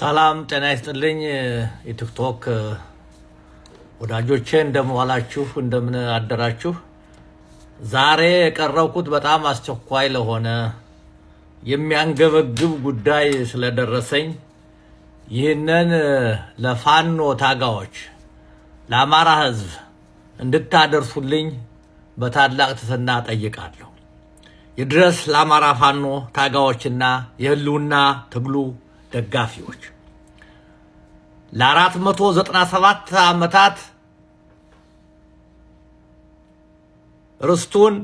ሰላም ጤና ይስጥልኝ። የቲክቶክ ወዳጆቼ እንደምዋላችሁ እንደምን አደራችሁ። ዛሬ የቀረብኩት በጣም አስቸኳይ ለሆነ የሚያንገበግብ ጉዳይ ስለደረሰኝ ይህንን ለፋኖ ታጋዎች፣ ለአማራ ሕዝብ እንድታደርሱልኝ በታላቅ ትሕትና ጠይቃለሁ። ይድረስ ለአማራ ፋኖ ታጋዎችና የህልውና ትግሉ ደጋፊዎች ለ497 ዓመታት ርስቱን፣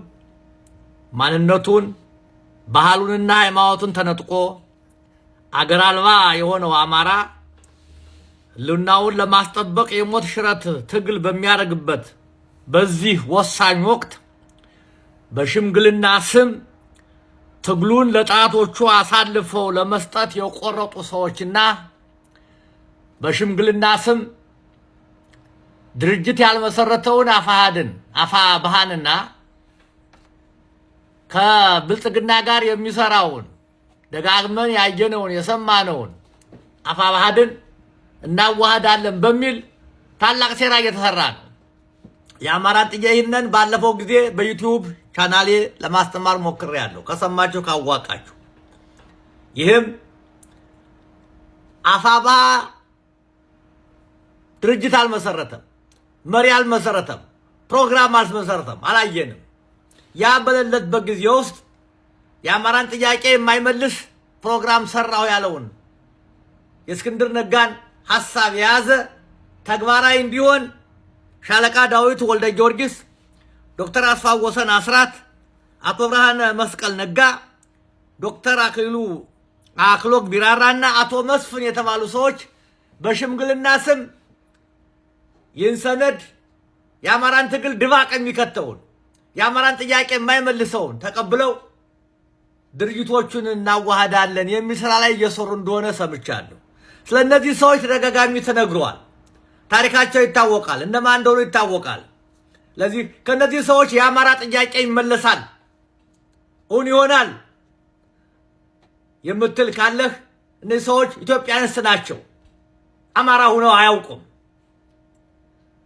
ማንነቱን፣ ባህሉንና ሃይማኖቱን ተነጥቆ አገር አልባ የሆነው አማራ ህልውናውን ለማስጠበቅ የሞት ሽረት ትግል በሚያደርግበት በዚህ ወሳኝ ወቅት በሽምግልና ስም ትግሉን ለጠላቶቹ አሳልፈው ለመስጠት የቆረጡ ሰዎችና በሽምግልና ስም ድርጅት ያልመሰረተውን አፋሃድን አፋ ብሃንና ከብልጽግና ጋር የሚሰራውን ደጋግመን ያየነውን የሰማነውን አፋ ብሃድን እናዋሃዳለን በሚል ታላቅ ሴራ እየተሰራ ነው። የአማራ ጥያይነን ባለፈው ጊዜ በዩቲዩብ ቻናሌ ለማስተማር ያለው ከሰማችሁ ካዋቃችሁ ይህም አፋባ ድርጅት አልመሰረተም፣ መሪ አልመሰረተም፣ ፕሮግራም አልመሰረተም፣ አላየንም። ያ በሌለበት ጊዜ ውስጥ የአማራን ጥያቄ የማይመልስ ፕሮግራም ሰራው ያለውን የእስክንድር ነጋን ሀሳብ የያዘ ተግባራዊ እንዲሆን ሻለቃ ዳዊት ወልደ ጊዮርጊስ፣ ዶክተር አስፋ ወሰን አስራት፣ አቶ ብርሃነ መስቀል ነጋ፣ ዶክተር አክሊሉ አክሎግ ቢራራና አቶ መስፍን የተባሉ ሰዎች በሽምግልና ስም ይህን ሰነድ የአማራን ትግል ድባቅ የሚከተውን የአማራን ጥያቄ የማይመልሰውን ተቀብለው ድርጅቶቹን እናዋሃዳለን የሚል ስራ ላይ እየሰሩ እንደሆነ ሰምቻለሁ። እነዚህ ሰዎች ተደጋጋሚ ተነግረዋል። ታሪካቸው ይታወቃል፣ እነማን እንደሆኑ ይታወቃል። ለዚህ ከእነዚህ ሰዎች የአማራ ጥያቄ ይመለሳል፣ እውን ይሆናል የምትል ካለህ እነዚህ ሰዎች ኢትዮጵያንስ ናቸው፣ አማራ ሁነው አያውቁም።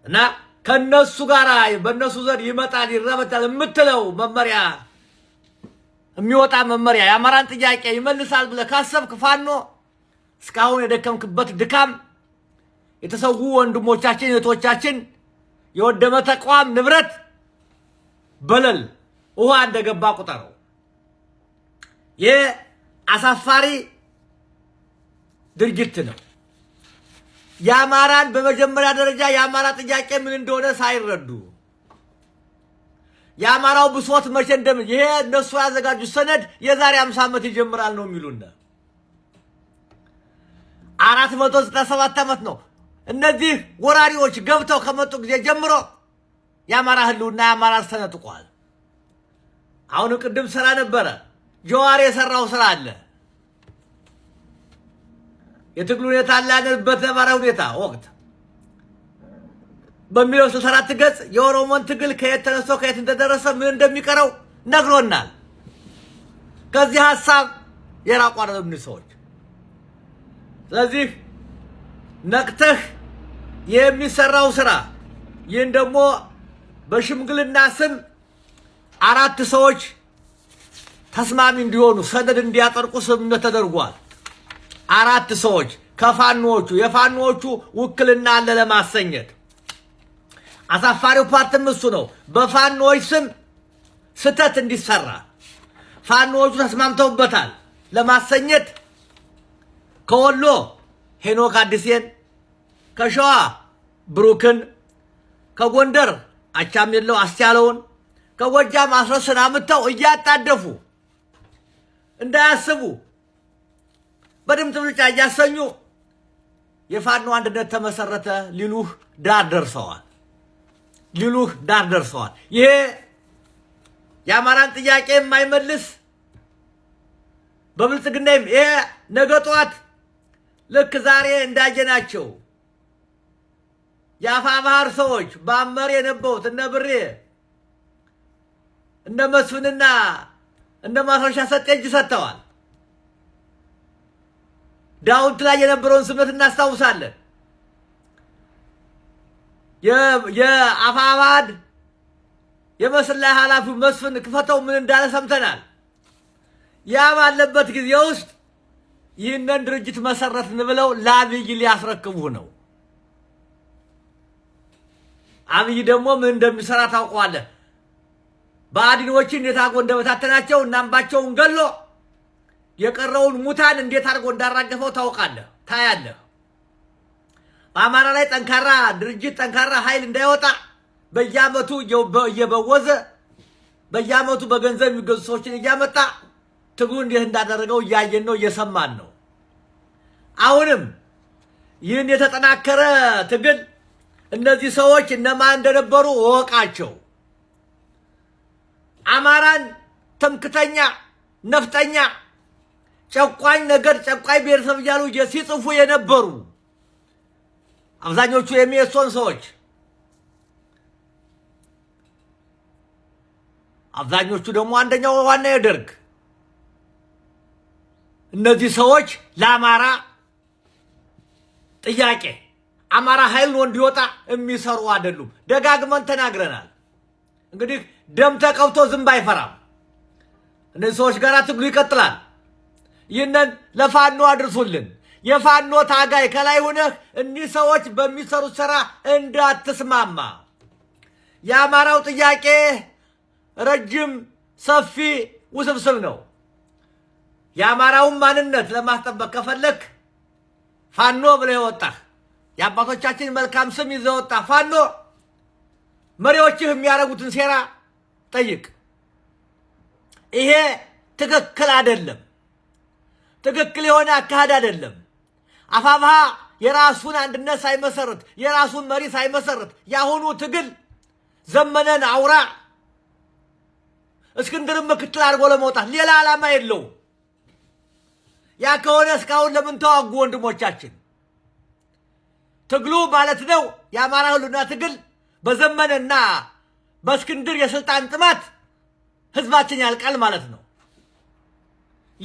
እና ከነሱ ጋር በእነሱ ዘንድ ይመጣል ይረበታል የምትለው መመሪያ የሚወጣ መመሪያ የአማራን ጥያቄ ይመልሳል ብለህ ካሰብክ ፋኖ እስካሁን የደከምክበት ድካም የተሰዉ ወንድሞቻችን እህቶቻችን የወደመ ተቋም ንብረት በለል ውሃ እንደገባ ቁጠረው። ይህ አሳፋሪ ድርጊት ነው። የአማራን በመጀመሪያ ደረጃ የአማራ ጥያቄ ምን እንደሆነ ሳይረዱ የአማራው ብሶት መቼ እንደም ይሄ እነሱ ያዘጋጁ ሰነድ የዛሬ አምሳ ዓመት ይጀምራል ነው የሚሉና አራት መቶ ዘጠና ሰባት ዓመት ነው እነዚህ ወራሪዎች ገብተው ከመጡ ጊዜ ጀምሮ የአማራ ህልውና የአማራ ተነጥቋል። አሁን ቅድም ስራ ነበረ። ጀዋር የሰራው ስራ አለ። የትግል ሁኔታ ላለንበት ነባራዊ ሁኔታ ወቅት በሚለው ስልሳ አራት ገጽ የኦሮሞን ትግል ከየት ተነስቶ ከየት እንደደረሰ ምን እንደሚቀረው ነግሮናል። ከዚህ ሀሳብ የራቋረ ሰዎች ስለዚህ ነቅተህ የሚሰራው ስራ ይህን ደግሞ በሽምግልና ስም አራት ሰዎች ተስማሚ እንዲሆኑ ሰነድ እንዲያጠርቁ ስምምነት ተደርጓል። አራት ሰዎች ከፋኖዎቹ የፋኖዎቹ ውክልና አለ ለማሰኘት አሳፋሪው ፓርትም እሱ ነው። በፋኖዎች ስም ስተት እንዲሰራ ፋኖዎቹ ተስማምተውበታል ለማሰኘት ከወሎ ሄኖክ አዲሴን ከሸዋ ብሩክን፣ ከጎንደር አቻም የለው አስቻለውን፣ ከጎጃም አስረስን አምጥተው እያጣደፉ እንዳያስቡ በድምፅ ብልጫ እያሰኙ የፋኖ አንድነት ተመሰረተ ሊሉህ ዳር ደርሰዋል፣ ሊሉህ ዳር ደርሰዋል። ይሄ የአማራን ጥያቄ የማይመልስ በብልጽግናም ይሄ ነገ ጠዋት ልክ ዛሬ እንዳየናቸው የአፋ ባህር ሰዎች በአመር የነበሩት እነ ብሬ እነ መስፍንና እነ ማስረሻ ሰጤ እጅ ሰጥተዋል። ዳውንት ላይ የነበረውን ስመት እናስታውሳለን። የአፋባድ የመስላይ ኃላፊው መስፍን ክፈተው ምን እንዳለ ሰምተናል። ያ ባለበት ጊዜ ውስጥ ይህንን ድርጅት መሰረትን ብለው ለአብይ ሊያስረክቡ ነው። አብይ ደግሞ ምን እንደሚሰራ ታውቀዋለህ። ብአዴኖችን እንዴት አድርጎ እንደበታተናቸው እናምባቸውን ገሎ የቀረውን ሙታን እንዴት አድርጎ እንዳራገፈው ታውቃለህ፣ ታያለህ። በአማራ ላይ ጠንካራ ድርጅት ጠንካራ ኃይል እንዳይወጣ በየአመቱ እየበወዘ በየአመቱ በገንዘብ የሚገዙ ሰዎችን እያመጣ ትግሉ እንዴት እንዳደረገው እያየን ነው፣ እየሰማን ነው። አሁንም ይህን የተጠናከረ ትግል እነዚህ ሰዎች እነማን እንደነበሩ እወቃቸው። አማራን ትምክተኛ፣ ነፍጠኛ፣ ጨቋኝ ነገር ጨቋኝ ብሔረሰብ እያሉ ሲጽፉ የነበሩ አብዛኞቹ የሚሶን ሰዎች አብዛኞቹ ደግሞ አንደኛው ዋና የደርግ እነዚህ ሰዎች ለአማራ ጥያቄ አማራ ኃይል ነው እንዲወጣ የሚሰሩ አይደሉም። ደጋግመን ተናግረናል። እንግዲህ ደም ተቀብቶ ዝንብ አይፈራም። እነዚህ ሰዎች ጋር ትግሉ ይቀጥላል። ይህንን ለፋኖ አድርሱልን። የፋኖ ታጋይ ከላይ ሆነህ እኒህ ሰዎች በሚሰሩት ስራ እንዳትስማማ። የአማራው ጥያቄ ረጅም፣ ሰፊ፣ ውስብስብ ነው። የአማራውን ማንነት ለማስጠበቅ ከፈለክ ፋኖ ብለህ ወጣህ የአባቶቻችን መልካም ስም ይዘወጣ ወጣ። ፋኖ መሪዎችህ የሚያደርጉትን ሴራ ጠይቅ። ይሄ ትክክል አይደለም። ትክክል የሆነ አካሄድ አይደለም። አፋብሃ የራሱን አንድነት ሳይመሰርት የራሱን መሪ ሳይመሰርት የአሁኑ ትግል ዘመነን አውራ እስክንድርን ምክትል አድርጎ ለመውጣት ሌላ ዓላማ የለውም። ያ ከሆነ እስካሁን ለምን ተዋጉ ወንድሞቻችን? ትግሉ ማለት ነው የአማራ ህሉና ትግል በዘመነና በእስክንድር የስልጣን ጥማት ህዝባችን ያልቃል ማለት ነው።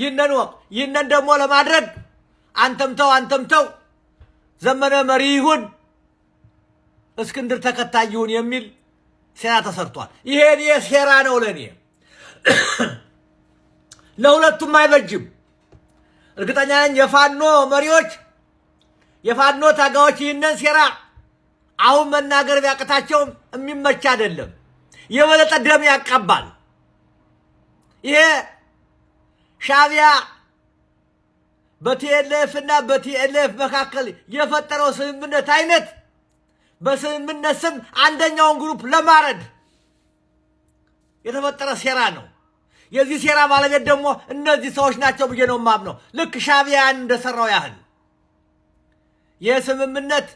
ይህንን ወቅ ይህንን ደግሞ ለማድረግ አንተምተው አንተምተው ዘመነ መሪ ይሁን እስክንድር ተከታይ ይሁን የሚል ሴራ ተሰርቷል። ይሄ ሴራ ነው ለእኔ ለሁለቱም አይበጅም። እርግጠኛ ነኝ የፋኖ መሪዎች የፋኖ ታጋዎች ይህንን ሴራ አሁን መናገር ቢያቅታቸውም የሚመች አይደለም። የበለጠ ደም ያቀባል። ይሄ ሻቢያ በቲኤልኤፍ እና በቲኤልኤፍ መካከል የፈጠረው ስምምነት አይነት በስምምነት ስም አንደኛውን ግሩፕ ለማረድ የተፈጠረ ሴራ ነው። የዚህ ሴራ ባለቤት ደግሞ እነዚህ ሰዎች ናቸው ብዬ ነው የማምነው። ልክ ሻቢያን እንደሰራው ያህል የስምምነት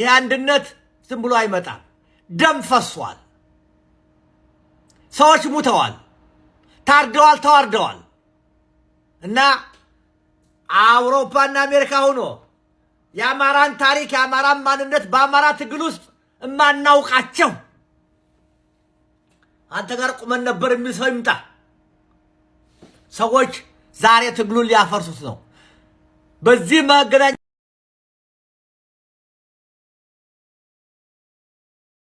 የአንድነት ዝም ብሎ አይመጣም። ደም ፈሷል። ሰዎች ሙተዋል፣ ታርደዋል፣ ተዋርደዋል እና አውሮፓና አሜሪካ ሆኖ የአማራን ታሪክ የአማራን ማንነት በአማራ ትግል ውስጥ እማናውቃቸው አንተ ጋር ቁመን ነበር የሚል ሰው ይምጣ። ሰዎች ዛሬ ትግሉን ሊያፈርሱት ነው በዚህ መገናኛ